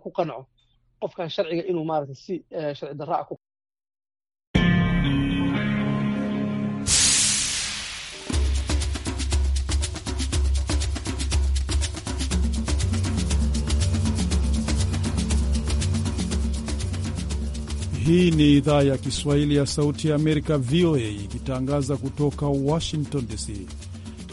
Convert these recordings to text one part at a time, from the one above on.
ku qanco qofkan sharciga inuu maarata si eh, sharci daraa Hii ni idhaa ya Kiswahili ya Sauti ya Amerika, VOA, ikitangaza kutoka Washington DC.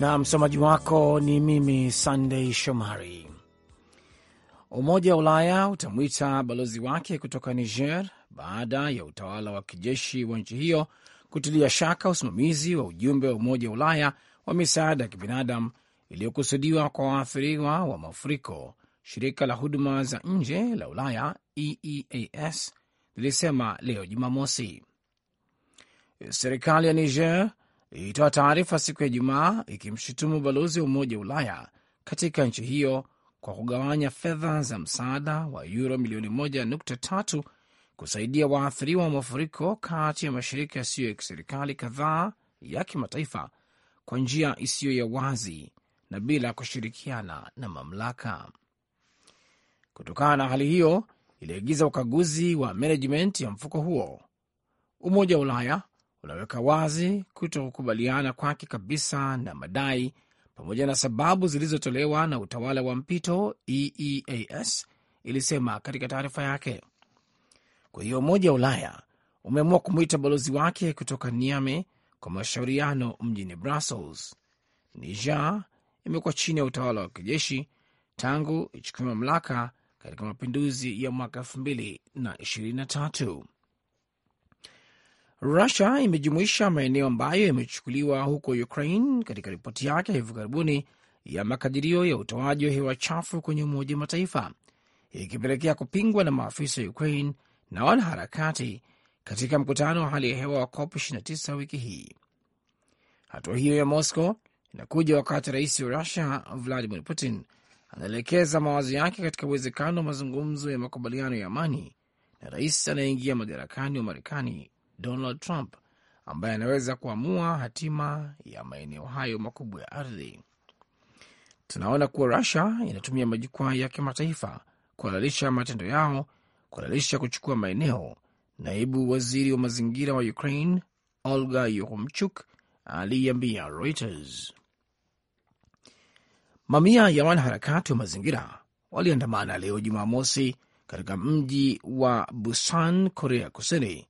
na msomaji wako ni mimi Sandei Shomari. Umoja wa Ulaya utamwita balozi wake kutoka Niger baada ya utawala wa kijeshi wa nchi hiyo kutilia shaka usimamizi wa ujumbe wa Umoja wa Ulaya wa misaada ya kibinadamu iliyokusudiwa kwa waathiriwa wa mafuriko. Shirika la huduma za nje la Ulaya EEAS lilisema leo Jumamosi serikali ya Niger ilitoa taarifa siku ya Ijumaa ikimshutumu balozi wa Umoja wa Ulaya katika nchi hiyo kwa kugawanya fedha za msaada wa yuro milioni 1.3 kusaidia waathiriwa wa mafuriko kati ya mashirika yasiyo ya kiserikali kadhaa ya kimataifa kwa njia isiyo ya wazi na bila kushirikiana na mamlaka. Kutokana na hali hiyo, iliagiza ukaguzi wa management ya mfuko huo. Umoja wa Ulaya unaweka wazi kutokukubaliana kwake kabisa na madai pamoja na sababu zilizotolewa na utawala wa mpito, EEAS ilisema katika taarifa yake. Kwa hiyo Umoja wa Ulaya umeamua kumwita balozi wake kutoka Niame kwa mashauriano mjini Brussels. Niger imekuwa chini ya utawala wa kijeshi tangu ichukua mamlaka katika mapinduzi ya mwaka 2023. Rusia imejumuisha maeneo ambayo yamechukuliwa huko Ukraine katika ripoti yake hivi karibuni ya makadirio ya utoaji wa hewa chafu kwenye Umoja wa Mataifa, ikipelekea kupingwa na maafisa wa Ukraine na wanaharakati katika mkutano wa hali ya hewa wa COP 29 wiki hii. Hatua hiyo ya Moscow inakuja wakati rais wa Rusia Vladimir Putin anaelekeza mawazo yake katika uwezekano wa mazungumzo ya makubaliano ya amani na rais anayeingia madarakani wa Marekani Donald Trump ambaye anaweza kuamua hatima ya maeneo hayo makubwa ya ardhi. Tunaona kuwa Rusia inatumia majukwaa ya kimataifa kuhalalisha matendo yao, kuhalalisha kuchukua maeneo. Naibu waziri wa mazingira wa Ukraine Olga Yorumchuk aliambia Reuters mamia ya wanaharakati wa mazingira waliandamana leo Jumamosi katika mji wa Busan, Korea Kusini,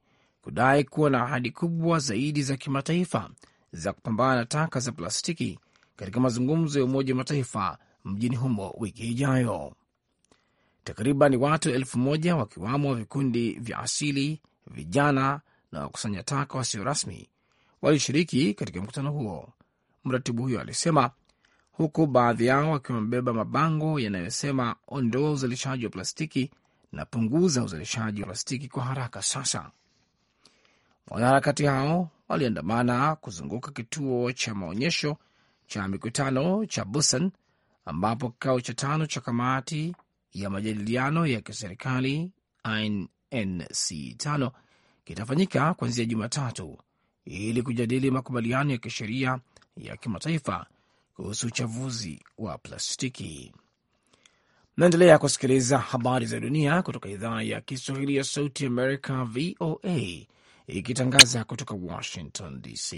kudai kuwa na ahadi kubwa zaidi za kimataifa za kupambana na taka za plastiki katika mazungumzo ya Umoja wa Mataifa mjini humo wiki ijayo. Takriban watu elfu moja wakiwamo vikundi vya asili, vijana na wakusanya taka wasio rasmi walishiriki katika mkutano huo, mratibu huyo alisema, huku baadhi yao wakiwa wamebeba mabango yanayosema ondoa uzalishaji wa plastiki na punguza uzalishaji wa plastiki kwa haraka sasa. Wanaharakati hao waliandamana kuzunguka kituo cha maonyesho cha mikutano cha Busan ambapo kikao cha tano cha kamati ya majadiliano ya kiserikali nnc 5 kitafanyika kuanzia Jumatatu ili kujadili makubaliano ya kisheria ya kimataifa kuhusu uchafuzi wa plastiki. Naendelea kusikiliza habari za dunia kutoka idhaa ya Kiswahili ya Sauti Amerika, VOA, ikitangaza kutoka Washington DC.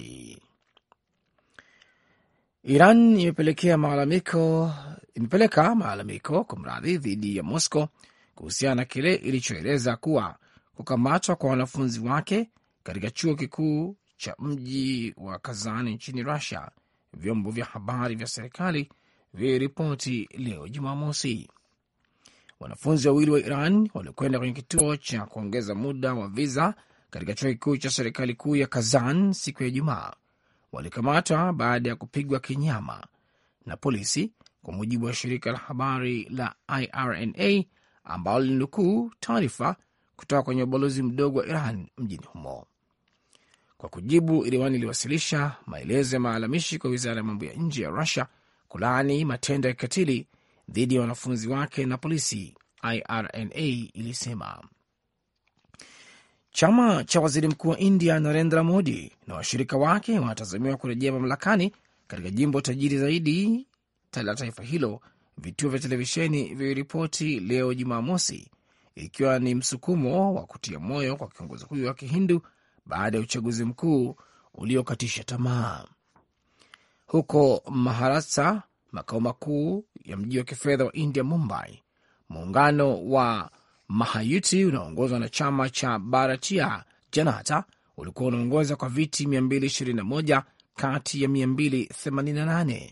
Iran imepelekea malalamiko imepeleka malalamiko kwa mradhi dhidi ya mosco kuhusiana na kile ilichoeleza kuwa kukamatwa kwa wanafunzi wake katika chuo kikuu cha mji wa Kazani nchini rusia vyombo vya habari vya serikali viliripoti leo Jumamosi. Wanafunzi wawili wa Iran walikwenda kwenye kituo cha kuongeza muda wa viza katika chuo kikuu cha serikali kuu ya Kazan siku ya Ijumaa walikamatwa baada ya kupigwa kinyama na polisi, kwa mujibu wa shirika la habari la IRNA ambalo lilinukuu taarifa kutoka kwenye ubalozi mdogo wa Iran mjini humo. Kwa kujibu, iriwani iliwasilisha maelezo ya maalamishi kwa wizara ya mambo ya nje ya Rusia kulaani matendo ya kikatili dhidi ya wanafunzi wake na polisi, IRNA ilisema. Chama cha waziri mkuu wa India Narendra Modi na washirika wake wanatazamiwa kurejea mamlakani katika jimbo tajiri zaidi la taifa hilo, vituo vya televisheni viliripoti leo Jumamosi, ikiwa ni msukumo wa kutia moyo kwa kiongozi huyo wa Kihindu baada ya uchaguzi mkuu uliokatisha tamaa. Huko Maharasa, makao makuu ya mji wa kifedha wa India, Mumbai, muungano wa Mahayuti unaoongozwa na chama cha baratia Janata ulikuwa unaongoza kwa viti 221 kati ya 288.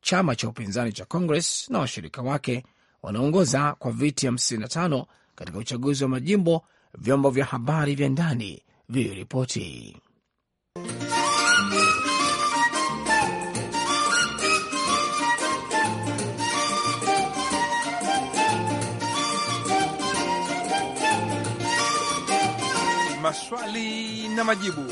Chama cha upinzani cha Congress na washirika wake wanaongoza kwa viti 55 katika uchaguzi wa majimbo, vyombo vya habari vya ndani viliripoti. maswali na majibu.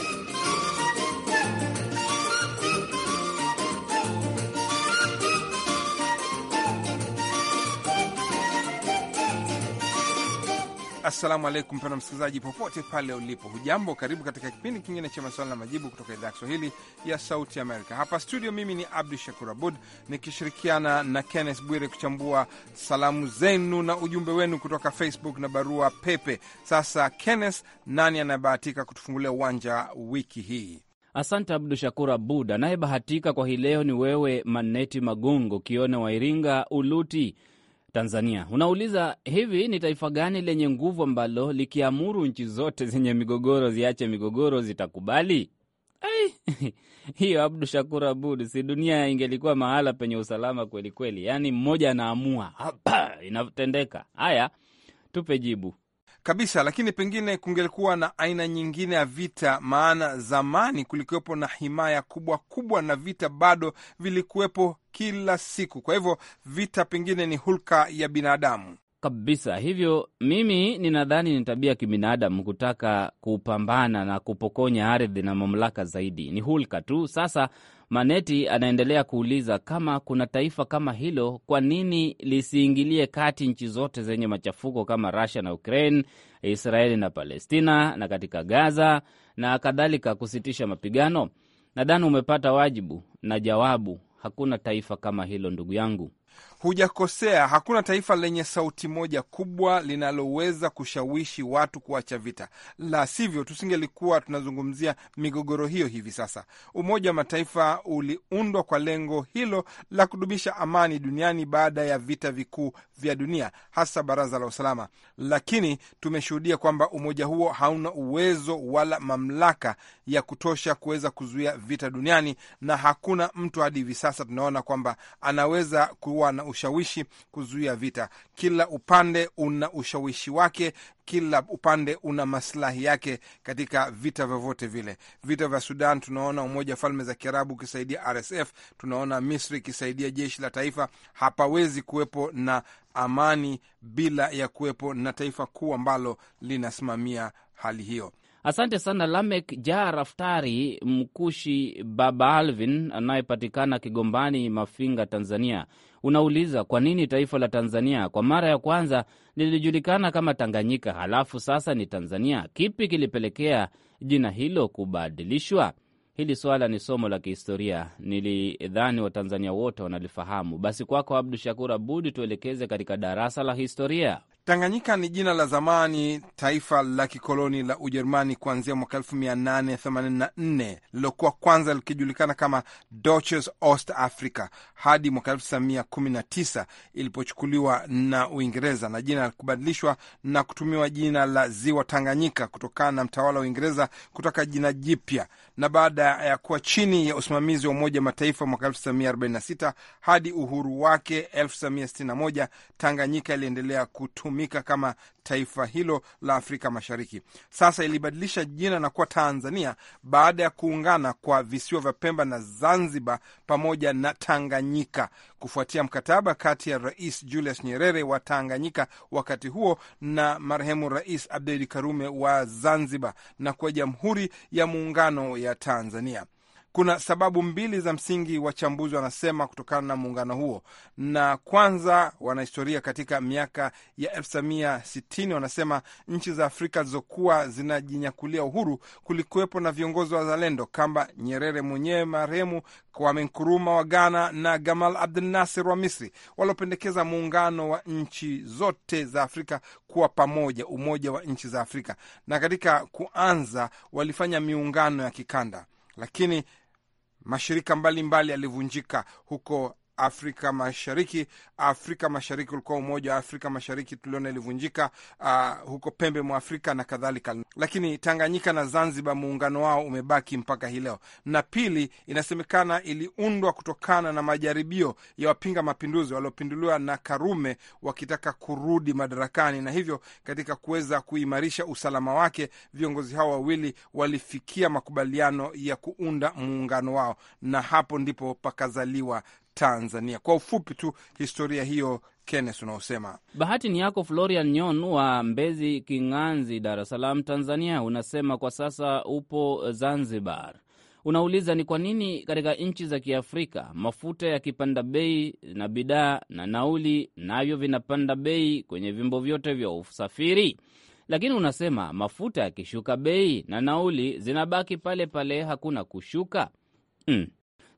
Assalamu alaikum pena msikilizaji, popote pale ulipo, hujambo? Karibu katika kipindi kingine cha maswala na majibu kutoka idhaa ya Kiswahili ya Sauti Amerika. Hapa studio, mimi ni Abdu Shakur Abud nikishirikiana na Kenneth Bwire kuchambua salamu zenu na ujumbe wenu kutoka Facebook na barua pepe. Sasa Kenneth, nani anayebahatika kutufungulia uwanja wiki hii? Asante Abdu Shakur Abud. Anayebahatika kwa hii leo ni wewe Maneti Magongo Kione wa Iringa Uluti Tanzania. Unauliza, hivi ni taifa gani lenye nguvu ambalo likiamuru nchi zote zenye migogoro ziache migogoro zitakubali? Hiyo Abdu Shakur Abud, si dunia ingelikuwa mahala penye usalama kwelikweli kweli. Yaani mmoja anaamua hapa, inatendeka. Haya, tupe jibu kabisa, lakini pengine kungelikuwa na aina nyingine ya vita, maana zamani kulikuwepo na himaya kubwa kubwa na vita bado vilikuwepo kila siku. Kwa hivyo vita pengine ni hulka ya binadamu kabisa. Hivyo mimi ninadhani ni tabia ya kibinadamu kutaka kupambana na kupokonya ardhi na mamlaka zaidi, ni hulka tu. Sasa Maneti anaendelea kuuliza kama kuna taifa kama hilo, kwa nini lisiingilie kati nchi zote zenye machafuko kama Rusia na Ukraine, Israeli na Palestina, na katika Gaza na kadhalika, kusitisha mapigano? Nadhani umepata wajibu na jawabu. Hakuna taifa kama hilo, ndugu yangu. Hujakosea. Hakuna taifa lenye sauti moja kubwa linaloweza kushawishi watu kuacha vita, la sivyo tusingelikuwa tunazungumzia migogoro hiyo hivi sasa. Umoja wa Mataifa uliundwa kwa lengo hilo la kudumisha amani duniani baada ya vita vikuu vya dunia, hasa Baraza la Usalama. Lakini tumeshuhudia kwamba umoja huo hauna uwezo wala mamlaka ya kutosha kuweza kuzuia vita duniani, na hakuna mtu hadi hivi sasa tunaona kwamba anaweza kuwa na ushawishi kuzuia vita. Kila upande una ushawishi wake, kila upande una maslahi yake katika vita vyovyote vile. Vita vya Sudan tunaona Umoja wa Falme za Kiarabu ukisaidia RSF, tunaona Misri ikisaidia jeshi la taifa. Hapawezi kuwepo na amani bila ya kuwepo na taifa kuu ambalo linasimamia hali hiyo. Asante sana Lamek Ja Raftari Mkushi, Baba Alvin anayepatikana Kigombani, Mafinga, Tanzania. Unauliza, kwa nini taifa la Tanzania kwa mara ya kwanza lilijulikana kama Tanganyika halafu sasa ni Tanzania? Kipi kilipelekea jina hilo kubadilishwa? Hili swala ni somo la kihistoria, nilidhani Watanzania wote wanalifahamu. Basi kwako, Abdu Shakur Abud, tuelekeze katika darasa la historia. Tanganyika ni jina la zamani taifa la kikoloni la Ujerumani kuanzia mwaka 1884 lililokuwa kwanza likijulikana kama Deutsches Africa hadi mwaka 1919 ilipochukuliwa na Uingereza na jina kubadilishwa na kutumiwa jina la ziwa Tanganyika kutokana na mtawala wa Uingereza kutoka jina jipya na baada ya kuwa chini ya usimamizi wa Umoja Mataifa mwaka 1946 hadi uhuru wake 1961, Tanganyika iliendelea kutumika kama taifa hilo la Afrika Mashariki. Sasa ilibadilisha jina na kuwa Tanzania baada ya kuungana kwa visiwa vya Pemba na Zanzibar pamoja na Tanganyika kufuatia mkataba kati ya Rais Julius Nyerere wa Tanganyika wakati huo na marehemu Rais Abdeli Karume wa Zanzibar na kuwa Jamhuri ya Muungano ya Tanzania. Kuna sababu mbili za msingi, wachambuzi wanasema, kutokana na muungano huo, na kwanza, wanahistoria katika miaka ya elfu wanasema nchi za Afrika zilizokuwa zinajinyakulia uhuru kulikuwepo na viongozi wa zalendo kama Nyerere mwenyewe marehemu, Kwame Nkrumah wa Ghana na Gamal Abdel Nasser wa Misri, waliopendekeza muungano wa nchi zote za Afrika kuwa pamoja, umoja wa nchi za Afrika, na katika kuanza walifanya miungano ya kikanda, lakini mashirika mbalimbali yalivunjika huko Afrika Mashariki. Afrika Mashariki ulikuwa umoja wa Afrika Mashariki, tuliona ilivunjika uh, huko pembe mwa Afrika na kadhalika, lakini Tanganyika na Zanzibar muungano wao umebaki mpaka hii leo. Na pili, inasemekana iliundwa kutokana na majaribio ya wapinga mapinduzi waliopinduliwa na Karume wakitaka kurudi madarakani, na hivyo katika kuweza kuimarisha usalama wake, viongozi hao wawili walifikia makubaliano ya kuunda muungano wao, na hapo ndipo pakazaliwa Tanzania. Kwa ufupi tu historia hiyo, Kenneth, unaosema. Bahati ni yako. Florian Nyon wa Mbezi King'anzi, Dar es Salaam, Tanzania, unasema kwa sasa upo Zanzibar. Unauliza ni kwa nini katika nchi za Kiafrika mafuta yakipanda bei na bidhaa na nauli navyo vinapanda bei kwenye vyombo vyote vya usafiri, lakini unasema mafuta yakishuka bei na nauli zinabaki pale pale, hakuna kushuka. Mm,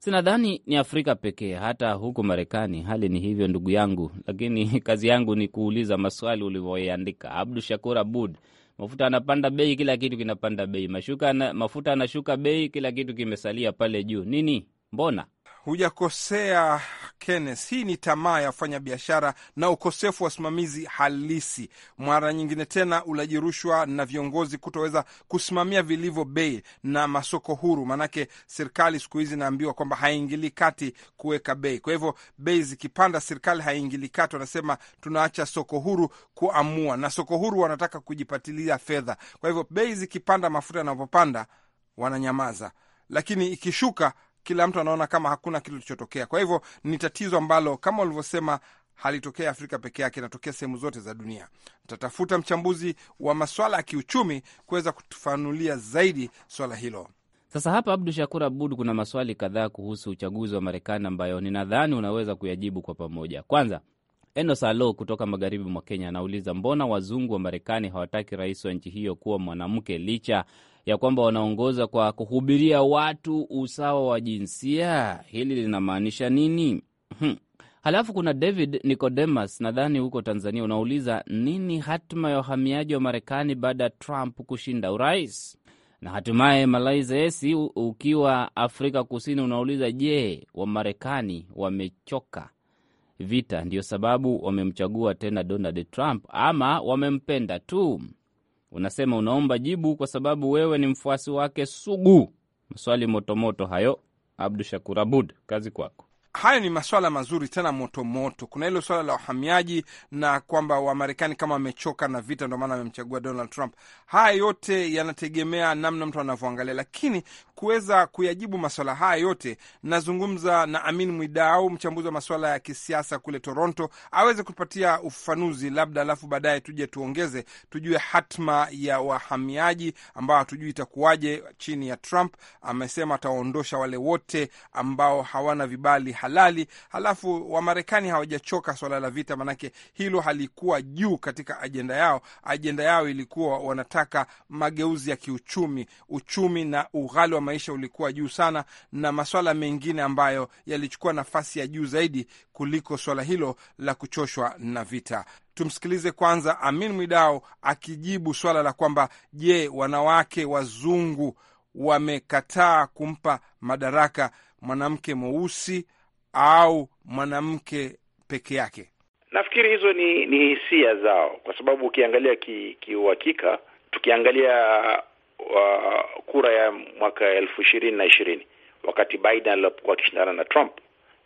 Sinadhani ni Afrika pekee, hata huku Marekani hali ni hivyo, ndugu yangu. Lakini kazi yangu ni kuuliza maswali ulivyoandika, Abdu Shakur Abud, mafuta anapanda bei, kila kitu kinapanda bei, mashuka na, mafuta anashuka bei, kila kitu kimesalia pale juu. Nini? Mbona hujakosea Kenneth, hii ni tamaa ya biashara na ukosefu wa usimamizi halisi. Mara nyingine tena ulaji rushwa na viongozi kutoweza kusimamia vilivyo bei na masoko huru, maanake serikali siku hizi inaambiwa kwamba haingili kati kuweka bei. Kwa hivyo bei zikipanda, serikali haingilii kati, wanasema tunaacha soko huru kuamua, na soko huru wanataka kujipatilia fedha. Kwa hivyo bei zikipanda, mafuta yanapopanda, wananyamaza, lakini ikishuka kila mtu anaona kama hakuna kitu kilichotokea. Kwa hivyo ni tatizo ambalo kama ulivyosema halitokea Afrika peke yake, inatokea sehemu zote za dunia. Tutatafuta mchambuzi wa maswala ya kiuchumi kuweza kutufanulia zaidi swala hilo. Sasa hapa, Abdu Shakur Abud, kuna maswali kadhaa kuhusu uchaguzi wa Marekani ambayo ninadhani unaweza kuyajibu kwa pamoja. Kwanza, Enos Alo kutoka magharibi mwa Kenya anauliza mbona wazungu wa Marekani hawataki rais wa nchi hiyo kuwa mwanamke licha ya kwamba wanaongoza kwa kuhubiria watu usawa wa jinsia. Hili linamaanisha nini? Hmm. Halafu kuna David Nicodemus, nadhani huko Tanzania, unauliza nini hatima ya wahamiaji wa Marekani baada ya Trump kushinda urais? Na hatimaye Malaiza Esi, ukiwa Afrika Kusini, unauliza je, Wamarekani wamechoka vita, ndiyo sababu wamemchagua tena Donald Trump ama wamempenda tu? Unasema unaomba jibu kwa sababu wewe ni mfuasi wake sugu. Maswali motomoto hayo, Abdu Shakur Abud, kazi kwako. Hayo ni maswala mazuri tena motomoto moto. Kuna hilo swala la wahamiaji na kwamba Wamarekani kama wamechoka na vita, ndio maana amemchagua Donald Trump. Haya yote yanategemea namna mtu anavyoangalia, lakini kuweza kuyajibu maswala haya yote, nazungumza na Amin Mwidau, mchambuzi wa maswala ya kisiasa kule Toronto, aweze kutupatia ufafanuzi labda, alafu baadaye tuje tuongeze, tujue hatma ya wahamiaji ambao hatujui itakuwaje chini ya Trump. Amesema atawaondosha wale wote ambao hawana vibali halali. Halafu Wamarekani hawajachoka swala la vita, manake hilo halikuwa juu katika ajenda yao. Ajenda yao ilikuwa wanataka mageuzi ya kiuchumi, uchumi na ughali wa maisha ulikuwa juu sana, na maswala mengine ambayo yalichukua nafasi ya juu zaidi kuliko swala hilo la kuchoshwa na vita. Tumsikilize kwanza Amin Mwidao akijibu swala la kwamba je, wanawake wazungu wamekataa kumpa madaraka mwanamke mweusi au mwanamke peke yake. Nafikiri hizo ni, ni hisia zao, kwa sababu ukiangalia kiuhakika ki tukiangalia uh, kura ya mwaka elfu ishirini na ishirini wakati Biden alipokuwa akishindana na Trump,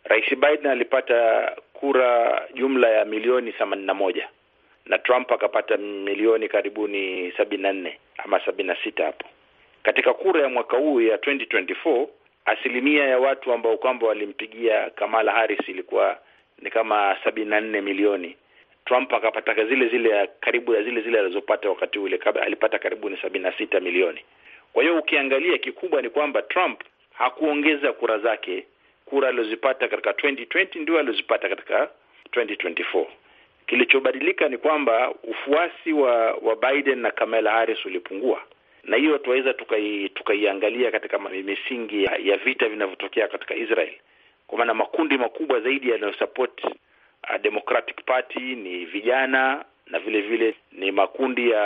Rais Biden alipata kura jumla ya milioni themanini na moja na Trump akapata milioni karibuni sabini na nne ama sabini na sita hapo. Katika kura ya mwaka huu ya asilimia ya watu ambao kwamba walimpigia Kamala Harris ilikuwa ni kama sabini na nne milioni. Trump akapata zile zile karibu ya zile zile alizopata wakati ule, alipata karibu ni sabini na sita milioni. Kwa hiyo ukiangalia, kikubwa ni kwamba Trump hakuongeza kura zake, kura alizopata katika 2020 ndio alizopata katika 2024. Kilichobadilika ni kwamba ufuasi wa, wa Biden na Kamala Harris ulipungua na hiyo tunaweza tukaiangalia tukai katika misingi ya, ya vita vinavyotokea katika Israel, kwa maana makundi makubwa zaidi yanayosupport uh, Democratic Party ni vijana na vile vile ni makundi ya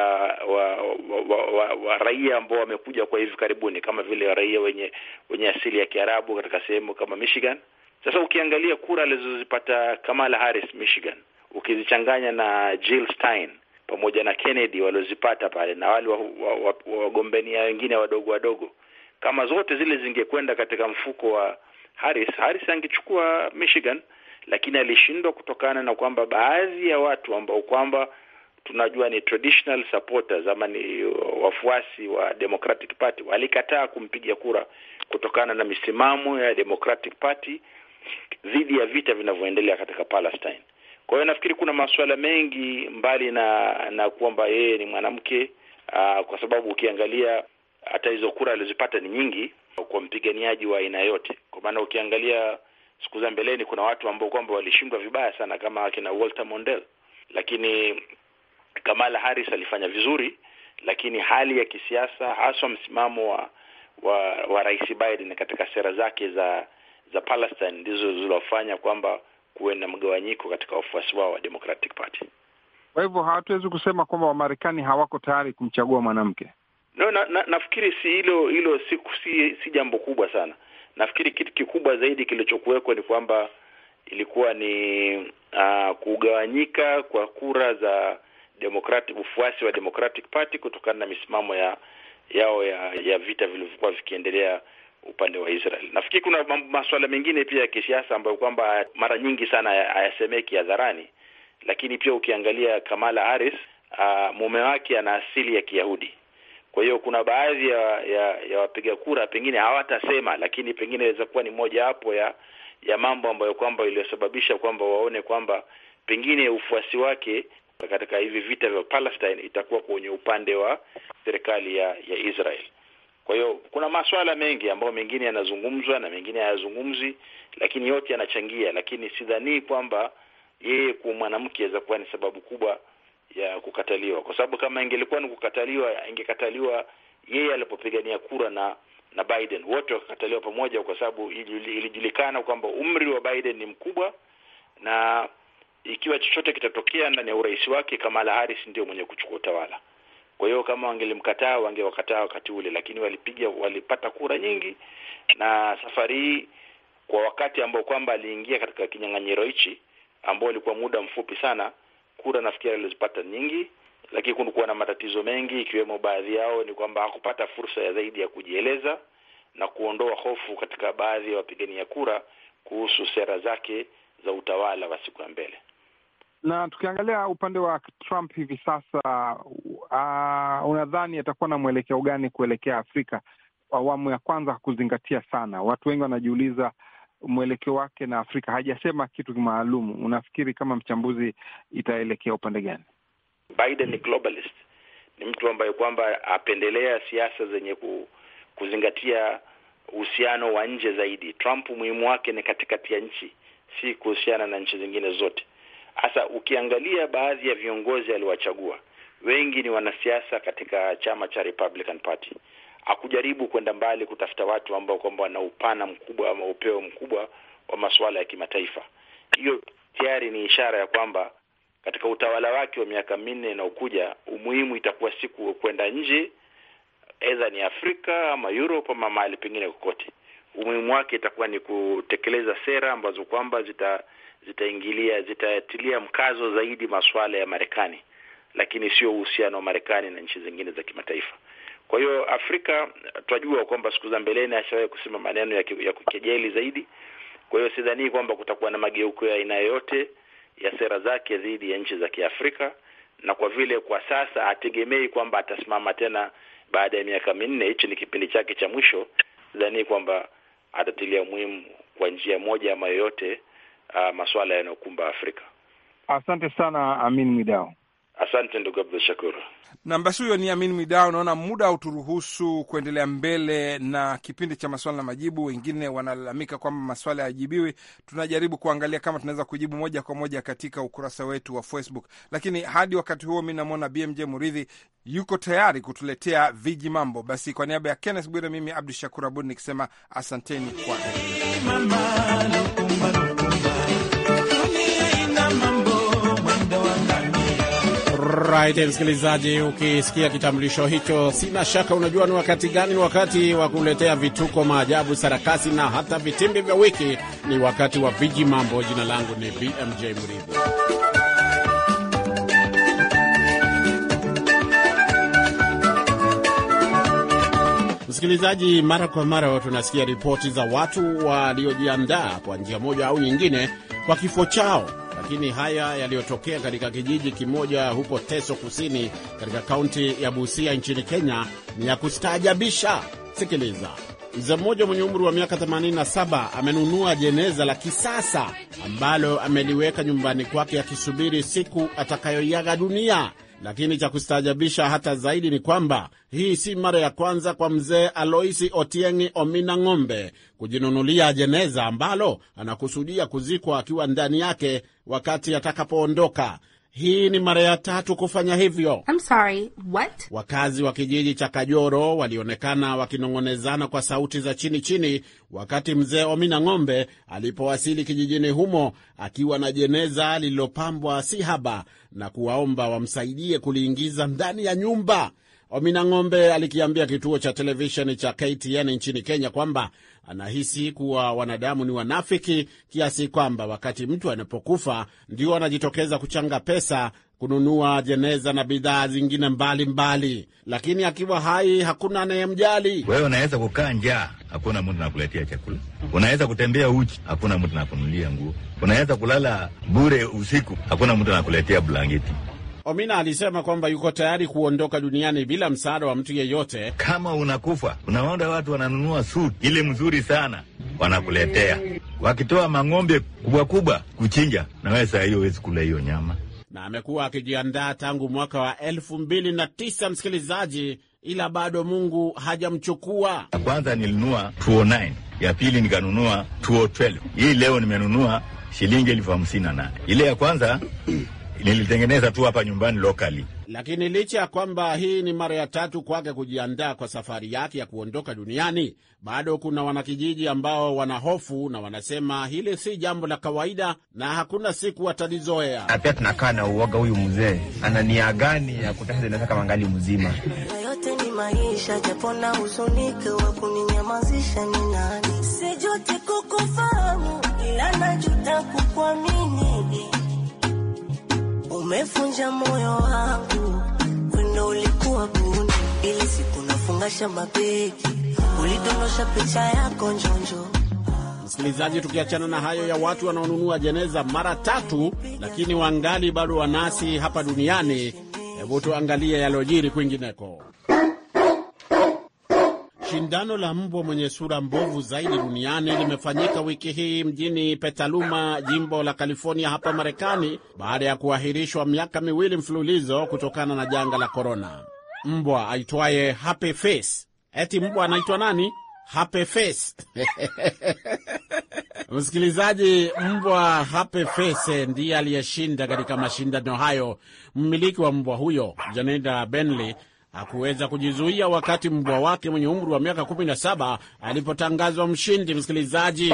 wa, wa, wa, wa, wa raia ambao wamekuja kwa hivi karibuni kama vile raia wenye wenye asili ya Kiarabu katika sehemu kama Michigan. Sasa ukiangalia kura alizozipata Kamala Harris Michigan, ukizichanganya na Jill Stein pamoja na Kennedy waliozipata pale na wale wagombania wa, wa, wa wengine wadogo wadogo, kama zote zile zingekwenda katika mfuko wa Harris, Harris angechukua Michigan, lakini alishindwa kutokana na kwamba baadhi ya watu ambao kwamba tunajua ni traditional supporters ama ni wafuasi wa Democratic Party walikataa kumpigia kura kutokana na misimamo ya Democratic Party dhidi ya vita vinavyoendelea katika Palestine. Kwa hiyo nafikiri kuna masuala mengi mbali na na kwamba yeye ni mwanamke aa, kwa sababu ukiangalia hata hizo kura alizopata ni nyingi kwa mpiganiaji wa aina yote, kwa maana ukiangalia siku za mbeleni kuna watu ambao kwamba walishindwa vibaya sana kama akina Walter Mondale, lakini Kamala Harris alifanya vizuri, lakini hali ya kisiasa haswa msimamo wa wa, wa Rais Biden katika sera zake za za Palestine ndizo zilofanya kwamba kuwe na mgawanyiko katika wafuasi wao wa Democratic Party. Kwa hivyo hatuwezi kusema kwamba Wamarekani hawako tayari kumchagua mwanamke. No, na, na, nafikiri si hilo hilo si, si, si jambo kubwa sana. Nafikiri kitu kikubwa zaidi kilichokuwekwa ni kwamba ilikuwa ni uh, kugawanyika kwa kura za Democratic, ufuasi wa Democratic Party kutokana na misimamo ya yao ya, ya vita vilivyokuwa vikiendelea upande wa Israel. Nafikiri kuna masuala mengine pia ya kisiasa ambayo kwamba mara nyingi sana hayasemeki hadharani, lakini pia ukiangalia Kamala Harris, uh, mume wake ana asili ya Kiyahudi. Kwa hiyo kuna baadhi ya ya, ya wapiga kura pengine hawatasema, lakini pengine inaweza kuwa ni moja wapo ya ya mambo ambayo kwamba iliyosababisha kwamba waone kwamba pengine ufuasi wake katika hivi vita vya Palestine itakuwa kwenye upande wa serikali ya ya Israel. Kwa hiyo kuna masuala mengi ambayo mengine yanazungumzwa na mengine hayazungumzi lakini yote yanachangia, lakini sidhanii kwamba yeye kuwa mwanamke aweza kuwa ni sababu kubwa ya kukataliwa, kwa sababu kama ingelikuwa ni kukataliwa, ingekataliwa yeye alipopigania kura na na Biden, wote wakakataliwa pamoja, kwa sababu ilijulikana kwamba umri wa Biden ni mkubwa, na ikiwa chochote kitatokea ndani ya urais wake, Kamala Harris ndio mwenye kuchukua utawala. Kwa hiyo kama wangelimkataa wangewakataa wakati ule, lakini walipiga, walipata kura nyingi, na safari hii kwa wakati ambao kwamba aliingia katika kinyang'anyiro hichi ambao ulikuwa muda mfupi sana, kura nafikiri alizipata nyingi, lakini kulikuwa na matatizo mengi, ikiwemo baadhi yao ni kwamba hakupata fursa ya zaidi ya kujieleza na kuondoa hofu katika baadhi ya wapigania kura kuhusu sera zake za utawala wa siku ya mbele. Na tukiangalia upande wa Trump hivi sasa, uh, unadhani atakuwa na mwelekeo gani kuelekea Afrika? Awamu ya kwanza hakuzingatia sana, watu wengi wanajiuliza mwelekeo wake na Afrika, hajasema kitu maalum. Unafikiri kama mchambuzi itaelekea upande gani? Biden ni globalist, ni mtu ambaye kwamba apendelea siasa zenye ku, kuzingatia uhusiano wa nje zaidi. Trump muhimu wake ni katikati ya nchi, si kuhusiana na nchi zingine zote. Hasa ukiangalia baadhi ya viongozi aliwachagua wengi ni wanasiasa katika chama cha Republican Party. akujaribu kwenda mbali kutafuta watu ambao kwamba wana upana mkubwa ama upeo mkubwa wa masuala ya kimataifa. Hiyo tayari ni ishara ya kwamba katika utawala wake wa miaka minne inaokuja, umuhimu itakuwa siku kwenda nje, aidha ni Afrika ama Europe ama mahali pengine kokote. Umuhimu wake itakuwa ni kutekeleza sera ambazo kwamba zita- zitaingilia zitatilia mkazo zaidi masuala ya Marekani lakini sio uhusiano wa Marekani na nchi zingine za kimataifa. Kwa hiyo Afrika twajua kwamba siku za mbeleni ashawahi kusema maneno ya, ya kukejeli zaidi. Kwa hiyo sidhanii kwamba kutakuwa na mageuko ya aina yoyote ya sera zake dhidi ya nchi za Kiafrika, na kwa vile kwa sasa hategemei kwamba atasimama tena baada ya miaka minne, hichi ni kipindi chake cha mwisho, sidhanii kwamba atatilia umuhimu kwa njia moja ama yoyote uh, masuala yanayokumba Afrika. Asante sana Amin Midao. Asante ndugu Abdul Shakur. Naam, basi huyo ni Amin mida unaona muda hauturuhusu kuendelea mbele na kipindi cha maswala na majibu. Wengine wanalalamika kwamba maswala yajibiwi. Tunajaribu kuangalia kama tunaweza kujibu moja kwa moja katika ukurasa wetu wa Facebook, lakini hadi wakati huo mi namwona BMJ Muridhi yuko tayari kutuletea viji mambo. Basi kwa niaba ya Kenneth Bwire, mimi Abdu Shakur Abud nikisema asanteni kwa right, msikilizaji, ukisikia kitambulisho hicho, sina shaka unajua ni wakati gani. Ni wakati wa kuletea vituko, maajabu, sarakasi na hata vitimbi vya wiki. Ni wakati wa viji mambo. Jina langu ni BMJ Mridhi. Msikilizaji, mara kwa mara tunasikia ripoti za watu waliojiandaa kwa njia moja au nyingine kwa kifo chao lakini haya yaliyotokea katika kijiji kimoja huko Teso Kusini katika kaunti ya Busia nchini Kenya ni ya kustaajabisha. Sikiliza. Mzee mmoja mwenye umri wa miaka 87 amenunua jeneza la kisasa ambalo ameliweka nyumbani kwake akisubiri siku atakayoiaga dunia. Lakini cha kustaajabisha hata zaidi ni kwamba hii si mara ya kwanza kwa mzee Aloisi Otieng'i Omina Ng'ombe kujinunulia jeneza ambalo anakusudia kuzikwa akiwa ndani yake wakati atakapoondoka. Hii ni mara ya tatu kufanya hivyo. I'm sorry, what? Wakazi wa kijiji cha Kajoro walionekana wakinong'onezana kwa sauti za chini chini wakati mzee Omina Ng'ombe alipowasili kijijini humo akiwa na jeneza lililopambwa si haba na kuwaomba wamsaidie kuliingiza ndani ya nyumba. Omina Ng'ombe alikiambia kituo cha televisheni cha KTN nchini Kenya kwamba anahisi kuwa wanadamu ni wanafiki kiasi kwamba wakati mtu anapokufa ndio anajitokeza kuchanga pesa kununua jeneza na bidhaa zingine mbalimbali, lakini akiwa hai hakuna anayemjali. Wewe unaweza kukaa njaa, hakuna mtu nakuletea chakula. Unaweza kutembea uchi, hakuna mtu nakunulia nguo. Unaweza kulala bure usiku, hakuna mtu nakuletea blangeti. Omina alisema kwamba yuko tayari kuondoka duniani bila msaada wa mtu yeyote. Kama unakufa, unaona watu wananunua su ile mzuri sana, wanakuletea wakitoa mang'ombe kubwa kubwa kuchinja, na wewe saa hiyo huwezi kula hiyo nyama. Na amekuwa akijiandaa tangu mwaka wa elfu mbili na tisa, msikilizaji, ila bado Mungu hajamchukua. Ya kwanza nilinunua 209 ya pili nikanunua 212 hii leo nimenunua shilingi elfu hamsini na nane. Ile ya kwanza nilitengeneza tu hapa nyumbani locally. Lakini licha ya kwamba hii ni mara ya tatu kwake kujiandaa kwa safari yake ya kuondoka duniani, bado kuna wanakijiji ambao wanahofu na wanasema hili si jambo la kawaida na hakuna siku watalizoea. Na pia tunakaa na uoga, huyu mzee ana nia gani ya kutaza inaweza kama ngali mzima yote ni maisha, japo na huzunike wa kuninyamazisha ni nani, kukufahamu ila najuta kukuamini Umefunja moyo wangu, wendo ulikuwa buni, ili siku nafungasha mabegi, ulidondosha picha yako njonjo. Msikilizaji, tukiachana na hayo ya watu wanaonunua jeneza mara tatu lakini wangali bado wanasi hapa duniani, hebu tuangalie yalojiri kwingineko. Shindano la mbwa mwenye sura mbovu zaidi duniani limefanyika wiki hii mjini Petaluma, jimbo la California hapa Marekani, baada ya kuahirishwa miaka miwili mfululizo kutokana na janga la korona. Mbwa aitwaye Happy Face. Eti mbwa anaitwa nani? Happy Face. Msikilizaji, mbwa Happy Face ndiye aliyeshinda katika mashindano hayo. Mmiliki wa mbwa huyo Janeda Benley hakuweza kujizuia wakati mbwa wake mwenye umri wa miaka 17 alipotangazwa mshindi. Msikilizaji,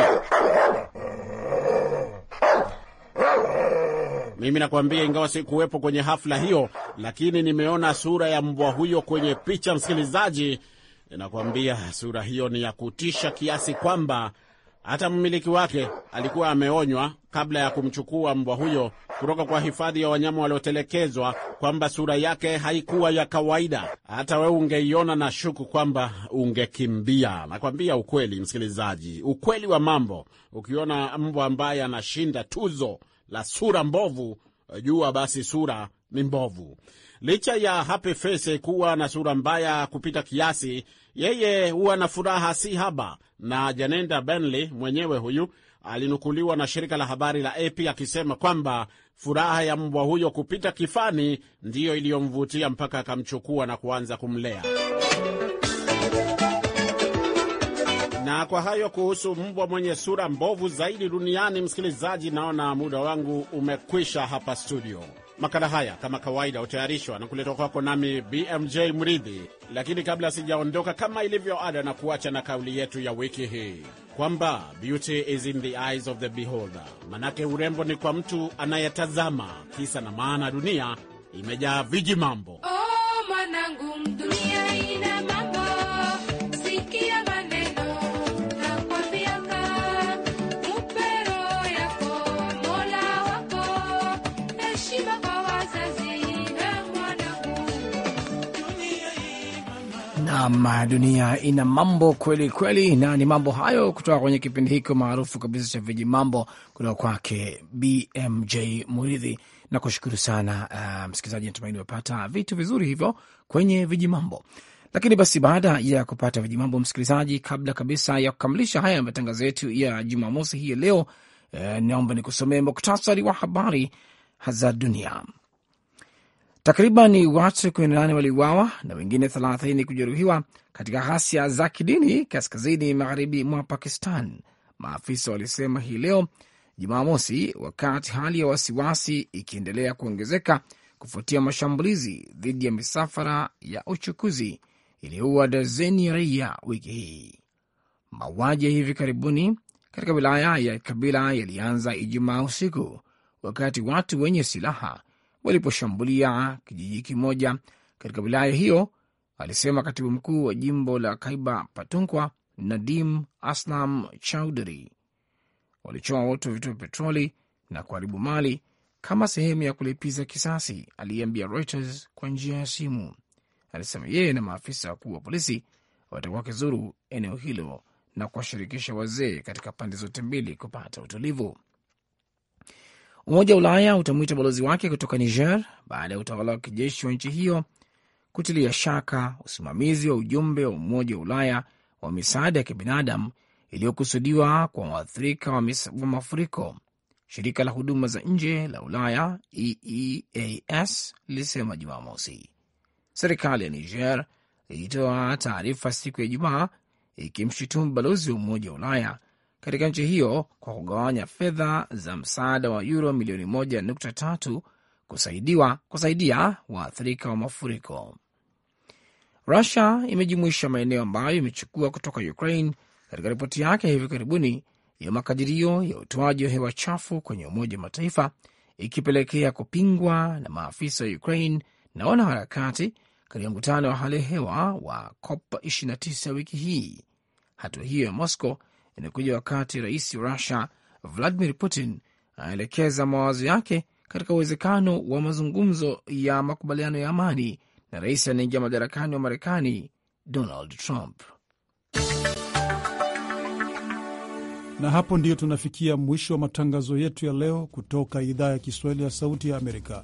mimi nakwambia, ingawa sikuwepo kwenye hafla hiyo, lakini nimeona sura ya mbwa huyo kwenye picha. Msikilizaji, nakwambia sura hiyo ni ya kutisha kiasi kwamba hata mmiliki wake alikuwa ameonywa kabla ya kumchukua mbwa huyo kutoka kwa hifadhi ya wanyama waliotelekezwa kwamba sura yake haikuwa ya kawaida. Hata wewe ungeiona na shuku kwamba ungekimbia. Nakwambia ukweli, msikilizaji, ukweli wa mambo. Ukiona mbwa ambaye anashinda tuzo la sura mbovu, jua basi sura ni mbovu. Licha ya Happy Face kuwa na sura mbaya kupita kiasi yeye huwa na furaha si haba. Na Janenda Benly mwenyewe huyu alinukuliwa na shirika la habari la AP akisema kwamba furaha ya mbwa huyo kupita kifani ndiyo iliyomvutia mpaka akamchukua na kuanza kumlea. Na kwa hayo kuhusu mbwa mwenye sura mbovu zaidi duniani, msikilizaji, naona muda wangu umekwisha hapa studio. Makala haya kama kawaida hutayarishwa na kuletwa kwako nami BMJ Mridhi, lakini kabla sijaondoka, kama ilivyo ada, na kuacha na kauli yetu ya wiki hii kwamba beauty is in the eyes of the beholder, manake urembo ni kwa mtu anayetazama. Kisa na maana, dunia imejaa viji mambo. Oh, dunia Nam, dunia ina mambo kweli kweli, na ni mambo hayo kutoka kwenye kipindi hiko maarufu kabisa cha viji mambo kutoka kwake BMJ Muridhi. Na kushukuru sana uh, msikilizaji, natumaini umepata vitu vizuri hivyo kwenye viji mambo. Lakini basi baada ya kupata viji mambo, msikilizaji, kabla kabisa ya kukamilisha haya matangazo yetu ya Jumamosi hii ya leo, uh, naomba nikusomee muktasari wa habari za dunia. Takriban watu 18 waliuawa na wengine 30 kujeruhiwa katika ghasia za kidini kaskazini magharibi mwa Pakistan, maafisa walisema hii leo Jumamosi, wakati hali ya wasiwasi ikiendelea kuongezeka kufuatia mashambulizi dhidi ya misafara ya uchukuzi iliyoua dazeni ya raia wiki hii. Mauaji ya hivi karibuni katika wilaya ya Kabila yalianza Ijumaa usiku wakati watu wenye silaha waliposhambulia kijiji kimoja katika wilaya hiyo, alisema katibu mkuu wa jimbo la kaiba patunkwa Nadim Aslam Chowdhury. Walichoma moto vituo vya petroli na kuharibu mali kama sehemu ya kulipiza kisasi, aliyeambia Reuters kwa njia ya simu. Alisema yeye na maafisa wakuu wa polisi watakuwa wakizuru eneo hilo na kuwashirikisha wazee katika pande zote mbili kupata utulivu. Umoja wa Ulaya utamwita balozi wake kutoka Niger baada ya utawala wa kijeshi wa nchi hiyo kutilia shaka usimamizi wa ujumbe wa Umoja wa Ulaya wa misaada ya kibinadamu iliyokusudiwa kwa waathirika wa, wa mafuriko. Shirika la huduma za nje la Ulaya EEAS lilisema Jumamosi. Serikali ya Niger ilitoa taarifa siku ya Ijumaa ikimshutumu balozi wa Umoja wa Ulaya katika nchi hiyo kwa kugawanya fedha za msaada wa yuro milioni moja nukta tatu kusaidiwa kusaidia waathirika wa mafuriko. Rusia imejumuisha maeneo ambayo imechukua kutoka Ukraine katika ripoti yake hivi karibuni ya makadirio ya utoaji wa hewa chafu kwenye Umoja wa Mataifa, ikipelekea kupingwa na maafisa wa Ukraine na wanaharakati katika mkutano wa hali ya hewa wa COP 29 wiki hii. Hatua hiyo ya Moscow inakuja wakati rais wa Rusia Vladimir Putin anaelekeza mawazo yake katika uwezekano wa mazungumzo ya makubaliano ya amani na rais anaingia madarakani wa Marekani Donald Trump. Na hapo ndiyo tunafikia mwisho wa matangazo yetu ya leo kutoka idhaa ya Kiswahili ya Sauti ya Amerika.